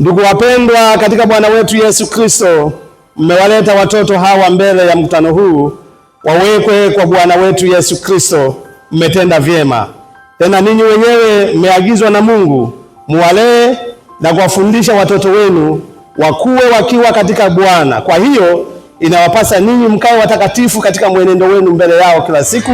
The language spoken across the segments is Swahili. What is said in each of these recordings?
Ndugu wapendwa katika Bwana wetu Yesu Kristo, mmewaleta watoto hawa mbele ya mkutano huu wawekwe kwa Bwana wetu Yesu Kristo. Mmetenda vyema, tena ninyi wenyewe mmeagizwa na Mungu muwalee na kuwafundisha watoto wenu wakuwe wakiwa katika Bwana. Kwa hiyo inawapasa ninyi mkawe watakatifu katika mwenendo wenu mbele yao kila siku.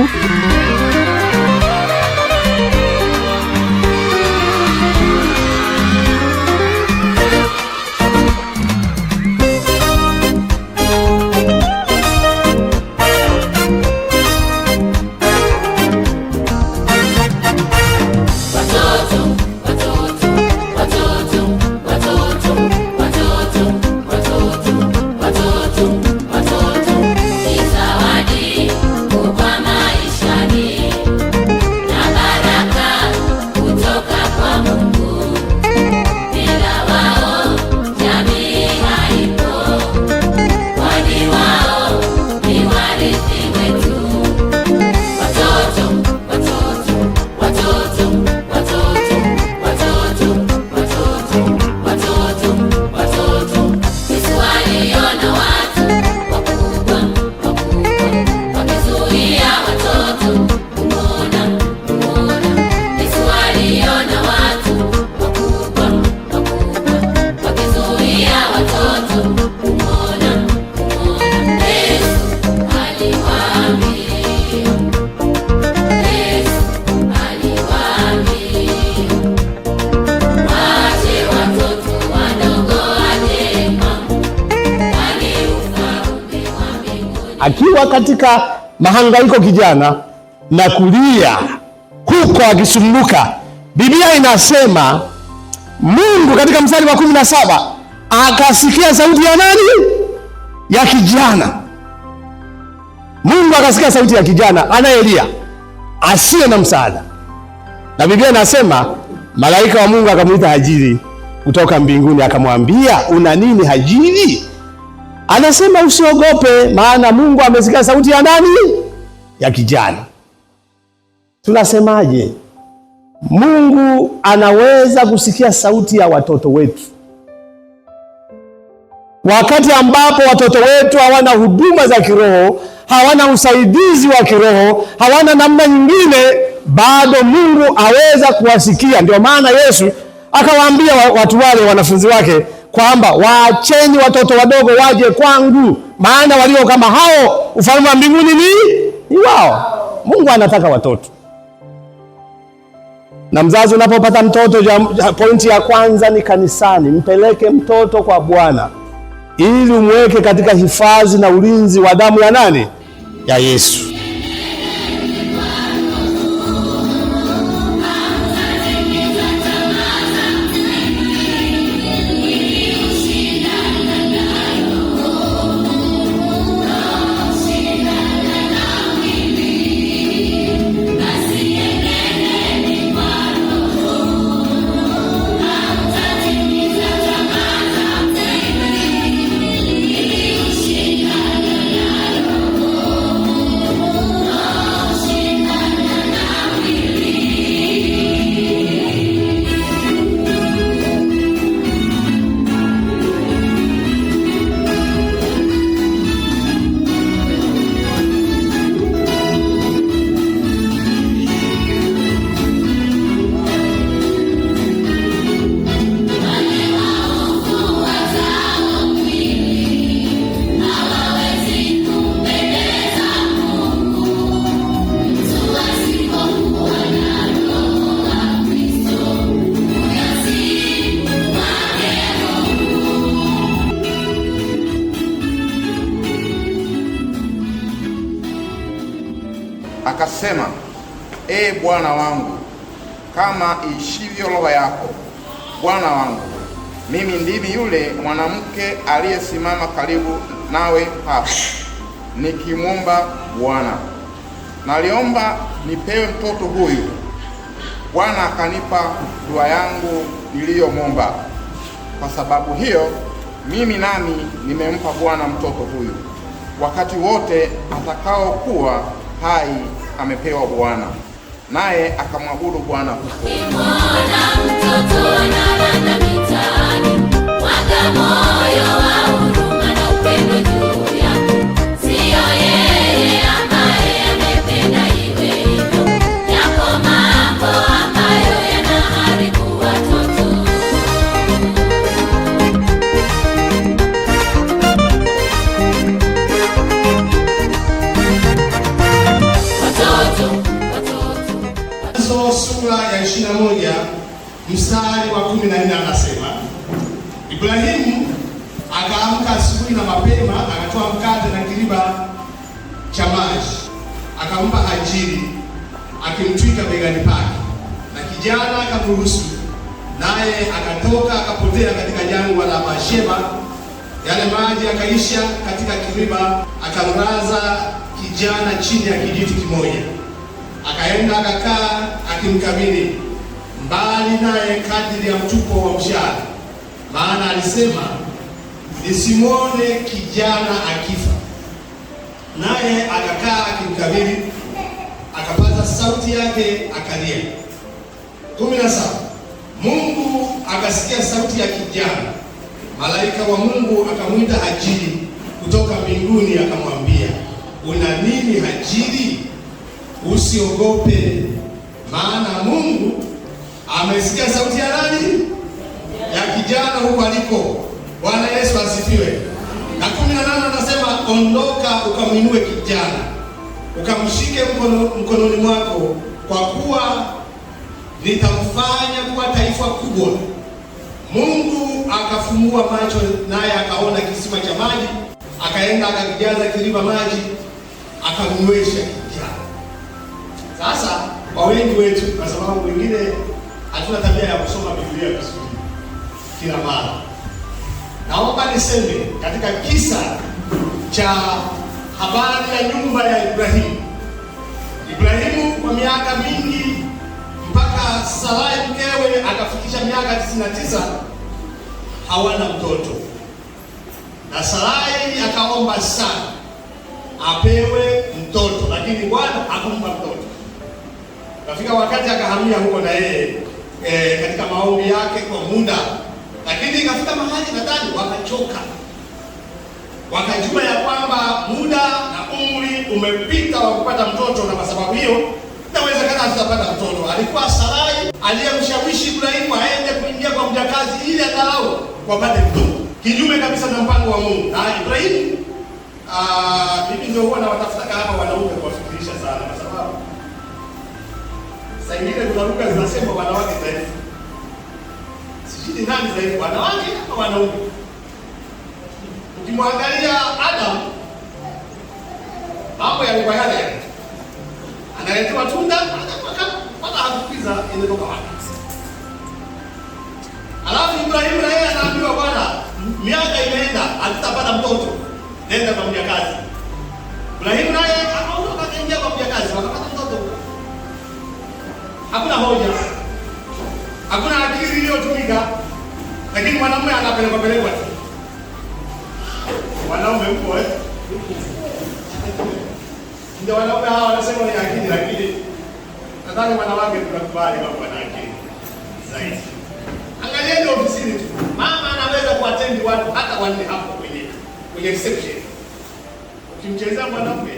akiwa katika mahangaiko kijana na kulia huko akisumbuka. Biblia inasema Mungu katika mstari wa kumi na saba akasikia sauti ya nani? Ya kijana. Mungu akasikia sauti ya kijana anayelia asiye na msaada, na Biblia inasema malaika wa Mungu akamwita Hajiri kutoka mbinguni akamwambia, una nini Hajiri? anasema usiogope, maana Mungu amesikia sauti ya nani? Ya kijana. Tunasemaje? Mungu anaweza kusikia sauti ya watoto wetu wakati ambapo watoto wetu hawana huduma za kiroho, hawana usaidizi wa kiroho, hawana namna nyingine, bado Mungu aweza kuwasikia. Ndio maana Yesu akawaambia watu wale wanafunzi wake kwamba waacheni watoto wadogo waje kwangu, maana walio kama hao ufalme wa mbinguni ni ni wao. Mungu anataka watoto. Na mzazi unapopata mtoto, pointi ya kwanza ni kanisani. Mpeleke mtoto kwa Bwana ili umweke katika hifadhi na ulinzi wa damu ya nani? Ya Yesu. Bwana wangu, kama iishivyo roho yako. Bwana wangu, mimi ndimi yule mwanamke aliyesimama karibu nawe hapa nikimwomba Bwana. Naliomba nipewe mtoto huyu. Bwana akanipa dua yangu niliyomwomba. Kwa sababu hiyo, mimi nami nimempa Bwana mtoto huyu. Wakati wote atakaokuwa hai amepewa Bwana naye akamwabudu Bwana huko. Mwana mtoto na wana mitaani waga moyo sura ya 21 mstari wa 14 anasema, Ibrahimu akaamka asubuhi na mapema, akatoa mkate na kiriba cha maji, akampa ajili akimtwika begani pake, na kijana akamruhusu, naye akatoka akapotea katika jangwa la mashema Yale maji akaisha katika kiriba, akamlaza kijana chini ya kijiti kimoja akaenda akakaa akimkabili mbali naye kadiri ya mtupo wa mshahara, maana alisema nisimwone kijana akifa. Naye akakaa akimkabili, akapata sauti yake akalia. kumi na saba. Mungu akasikia sauti ya kijana, malaika wa Mungu akamwita Hajiri kutoka mbinguni, akamwambia una nini Hajiri? usiogope, maana Mungu amesikia sauti ya nani? Ya kijana huko aliko. Bwana Yesu asifiwe. Na kumi na nane anasema ondoka, ukamwinue kijana, ukamshike mkono, mkononi mwako, kwa kuwa nitamfanya kuwa taifa kubwa. Mungu akafungua macho, naye akaona kisima cha maji, akaenda akakijaza kilima maji, akamnywesha sasa kwa wengi wetu, kwa sababu wengine hatuna tabia ya kusoma Biblia vizuri kila mara, naomba niseme katika kisa cha habari ya nyumba ya Ibrahimu. Ibrahimu kwa miaka mingi mpaka Sarai mkewe akafikisha miaka 99 hawana mtoto, na Sarai akaomba sana apewe mtoto, lakini Bwana hakumpa mtoto kafika wakati akahamia huko na yeye eh, katika maombi yake kwa muda, lakini ikafika mahali nadhani wakachoka, wakajua ya kwamba muda na umri umepita wa kupata mtoto, na kwa sababu hiyo nawezekana hatutapata mtoto. Alikuwa Sarai aliyemshawishi Ibrahimu aende kuingia kwa mjakazi ili angalau wapate mtoto, kinyume kabisa na mpango wa Mungu. Na Ibrahimu bibi ah, ndio huwa anawatafuta kama wanaume kwa saa ingine zinaruka zinasema wanawake dhaifu. Sijui ni nani dhaifu, wanawake ama wanaume? Ukimwangalia Adam mambo yalikuwa yale yale, analetewa tunda mpaka hakukiza inatoka wapi? Alafu Ibrahimu na yeye anaambiwa, bwana, miaka imeenda, hatutapata mtoto, nenda kwa mjakazi. Ibrahimu naye akaenda kwa mjakazi moja, hakuna akili iliyotumika, lakini mwanamume anapelekwa pelekwa tu. Wanaume huko eh? Ndio wanaume hawa wanasema ni akili, lakini nadhani wanawake tunakubali kwa kuwa na akili zaidi. Angalieni ofisini tu, mama anaweza kuatendi watu hata wanne hapo kwenye kwenye reception, ukimchezea mwanamume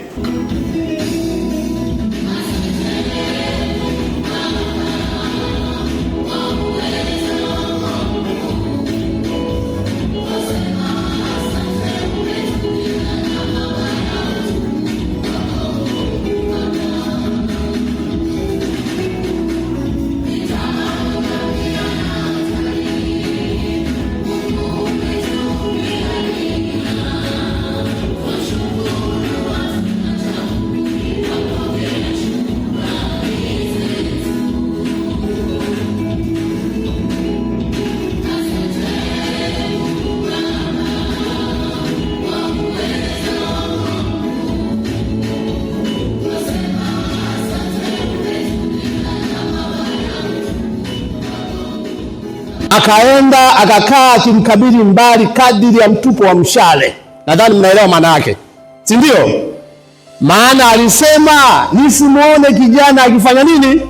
akaenda akakaa akimkabili mbali kadiri ya mtupo wa mshale. Nadhani mnaelewa maana yake, si ndio? Maana alisema nisimwone kijana akifanya nini,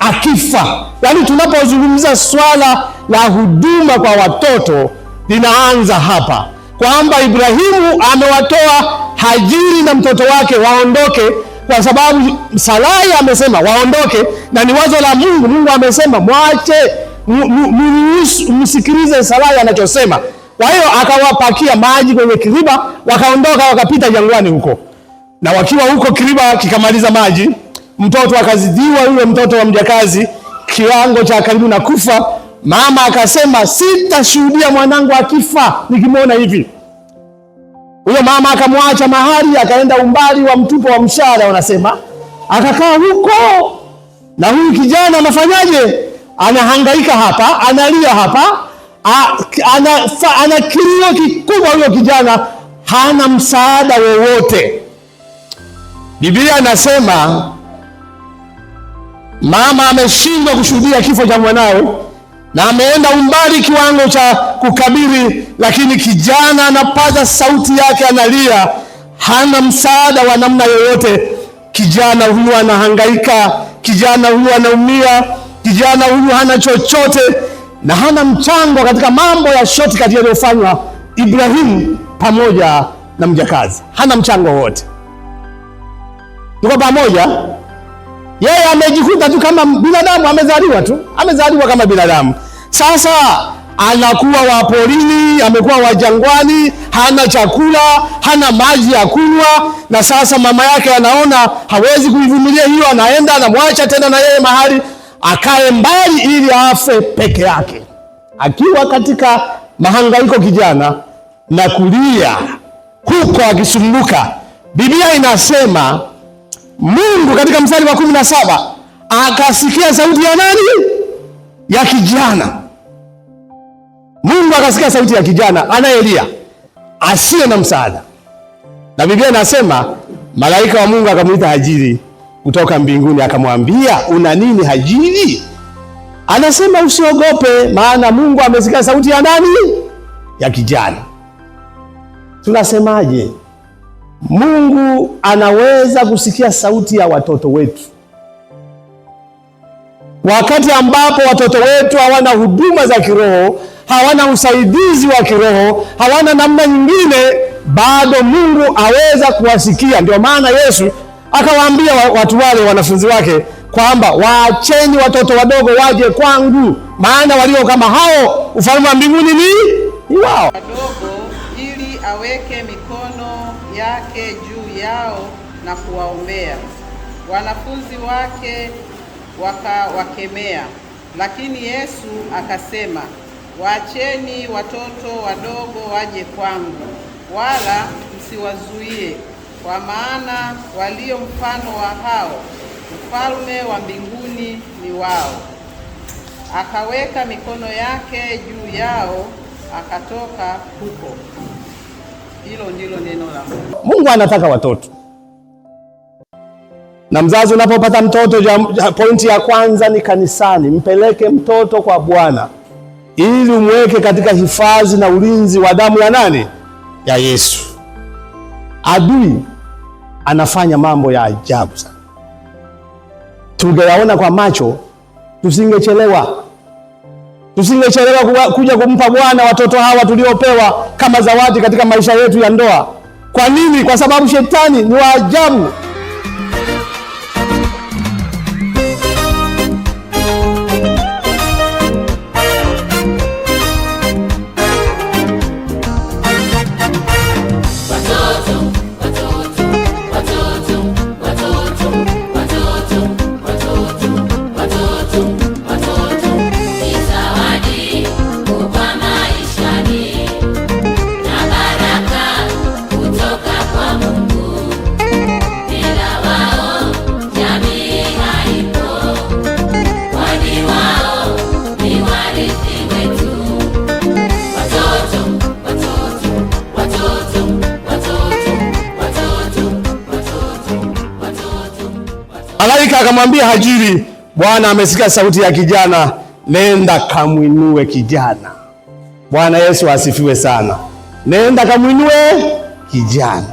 akifa. Yaani tunapozungumza swala la huduma kwa watoto linaanza hapa, kwamba Ibrahimu amewatoa Hajiri na mtoto wake waondoke kwa sababu Sarai amesema waondoke, na ni wazo la Mungu. Mungu amesema mwache msikilize Sarai anachosema. Kwa hiyo akawapakia maji kwenye kiriba, wakaondoka wakapita jangwani huko, na wakiwa huko kiriba kikamaliza maji, mtoto akazidiwa, yule mtoto wa mjakazi, kiwango cha karibu na kufa. Mama akasema sitashuhudia mwanangu akifa nikimwona hivi. Huyo mama akamwacha mahali, akaenda umbali wa mtupo wa mshara wanasema akakaa huko. Na huyu kijana anafanyaje? anahangaika hapa, analia hapa, ana, ana kilio kikubwa. Huyo kijana hana msaada wowote. Biblia anasema mama ameshindwa kushuhudia kifo cha mwanao na ameenda umbali kiwango cha kukabiri, lakini kijana anapaza sauti yake, analia, hana msaada wa namna yoyote. Kijana huyu anahangaika, kijana huyu anaumia Kijana huyu hana chochote na hana mchango katika mambo ya shortcut yaliyofanywa Ibrahimu pamoja na mjakazi, hana mchango wowote. Tuko pamoja? Yeye amejikuta tu kama binadamu, amezaliwa tu, amezaliwa kama binadamu. Sasa anakuwa wa porini, amekuwa wa jangwani, hana chakula, hana maji ya kunywa. Na sasa mama yake anaona hawezi kuivumilia hiyo, anaenda anamwacha tena na yeye mahali akae mbali ili afe peke yake, akiwa katika mahangaiko kijana na kulia huko akisumbuka. Biblia inasema Mungu katika mstari wa kumi na saba akasikia sauti ya nani? Ya kijana. Mungu akasikia sauti ya kijana anayelia asiye na msaada, na Biblia inasema malaika wa Mungu akamwita ajili kutoka mbinguni akamwambia, una nini hajiji? Anasema usiogope, maana Mungu amesikia sauti ya nani? Ya kijana. Tunasemaje? Mungu anaweza kusikia sauti ya watoto wetu wakati ambapo watoto wetu hawana huduma za kiroho, hawana usaidizi wa kiroho, hawana namna nyingine, bado Mungu aweza kuwasikia. Ndio maana Yesu Akawaambia watu wale wanafunzi wake kwamba waacheni watoto wadogo waje kwangu, maana walio kama hao ufalme wa mbinguni ni wao. Wadogo ili aweke mikono yake juu yao na kuwaombea. Wanafunzi wake wakawakemea, lakini Yesu akasema, waacheni watoto wadogo waje kwangu, wala msiwazuie kwa maana walio mfano wa hao ufalme wa mbinguni ni wao. Akaweka mikono yake juu yao akatoka huko. Hilo ndilo neno la Mungu. Mungu anataka watoto na mzazi unapopata mtoto, pointi ya kwanza ni kanisani. Mpeleke mtoto kwa Bwana ili umweke katika hifadhi na ulinzi wa damu ya nani? Ya Yesu. Adui anafanya mambo ya ajabu sana. Tungeyaona kwa macho, tusingechelewa tusingechelewa kuja kumpa Bwana watoto hawa tuliopewa kama zawadi katika maisha yetu ya ndoa. Kwa nini? Kwa sababu shetani ni waajabu. akamwambia Hajiri, Bwana amesikia sauti ya kijana, nenda kamwinue kijana. Bwana Yesu asifiwe sana. Nenda kamwinue kijana.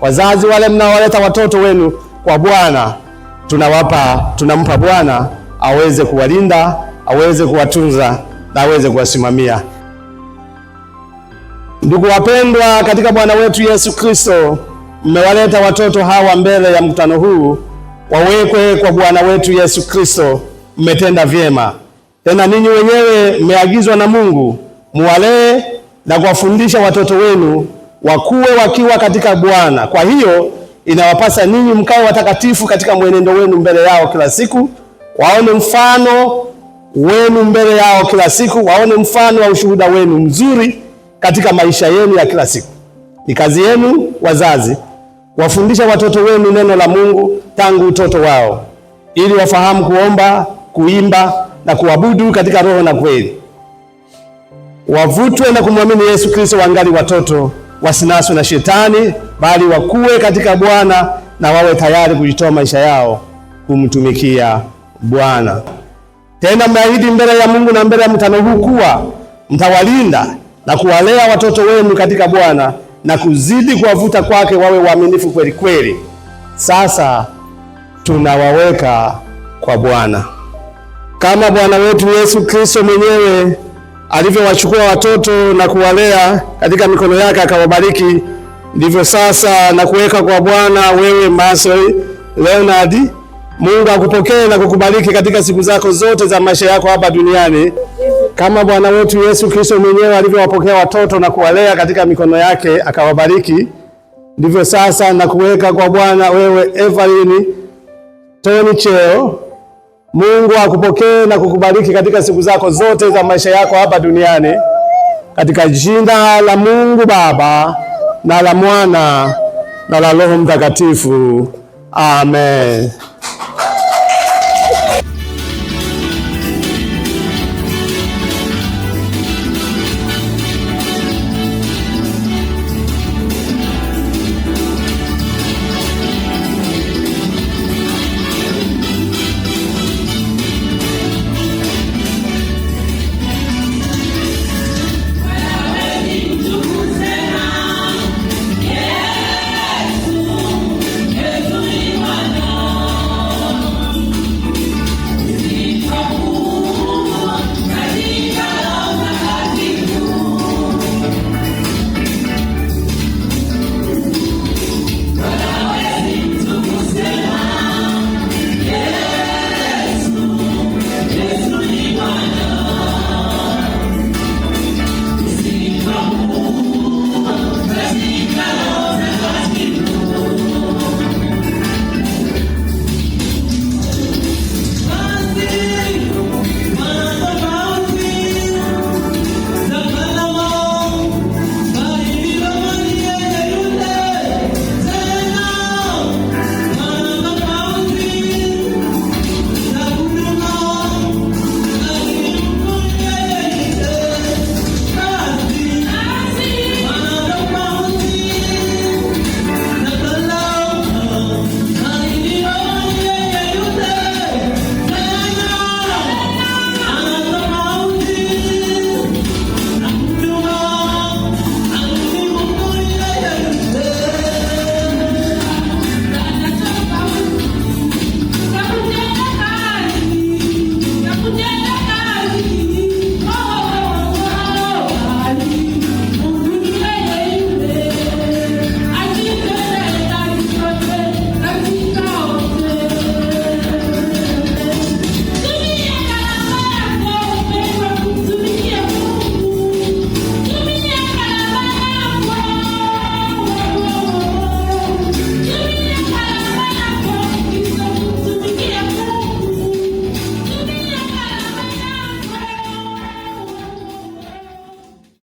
Wazazi wale mnaowaleta watoto wenu kwa Bwana, tunawapa tunampa Bwana aweze kuwalinda, aweze kuwatunza na aweze kuwasimamia. Ndugu wapendwa katika Bwana wetu Yesu Kristo, mmewaleta watoto hawa mbele ya mkutano huu wawekwe kwa Bwana wetu Yesu Kristo. Mmetenda vyema. Tena ninyi wenyewe mmeagizwa na Mungu muwalee na kuwafundisha watoto wenu wakuwe wakiwa katika Bwana. Kwa hiyo inawapasa ninyi mkawe watakatifu katika mwenendo wenu mbele yao kila siku, waone mfano wenu mbele yao kila siku, waone mfano wa ushuhuda wenu mzuri katika maisha yenu ya kila siku. Ni kazi yenu wazazi Wafundisha watoto wenu neno la Mungu tangu utoto wao, ili wafahamu kuomba, kuimba na kuabudu katika roho na kweli. Wavutwe na kumwamini Yesu Kristo wangali watoto, wasinaswe na Shetani, bali wakuwe katika Bwana na wawe tayari kujitoa maisha yao kumtumikia Bwana. Tena mmeahidi mbele ya Mungu na mbele ya mkutano huu kuwa mtawalinda na kuwalea watoto wenu katika Bwana na kuzidi kuwavuta kwake wawe waaminifu kweli kweli. Sasa tunawaweka kwa Bwana kama Bwana wetu Yesu Kristo mwenyewe alivyowachukua watoto na kuwalea katika mikono yake akawabariki, ndivyo sasa na kuweka kwa Bwana wewe Masoi Leonard. Mungu akupokee na kukubariki katika siku zako zote za maisha yako hapa duniani kama Bwana wetu Yesu Kristo mwenyewe alivyowapokea watoto na kuwalea katika mikono yake akawabariki, ndivyo sasa na kuweka kwa Bwana wewe Evelyn Toni cheo. Mungu akupokee na kukubariki katika siku zako zote za maisha yako hapa duniani katika jina la Mungu Baba na la Mwana na la Roho Mtakatifu, amen.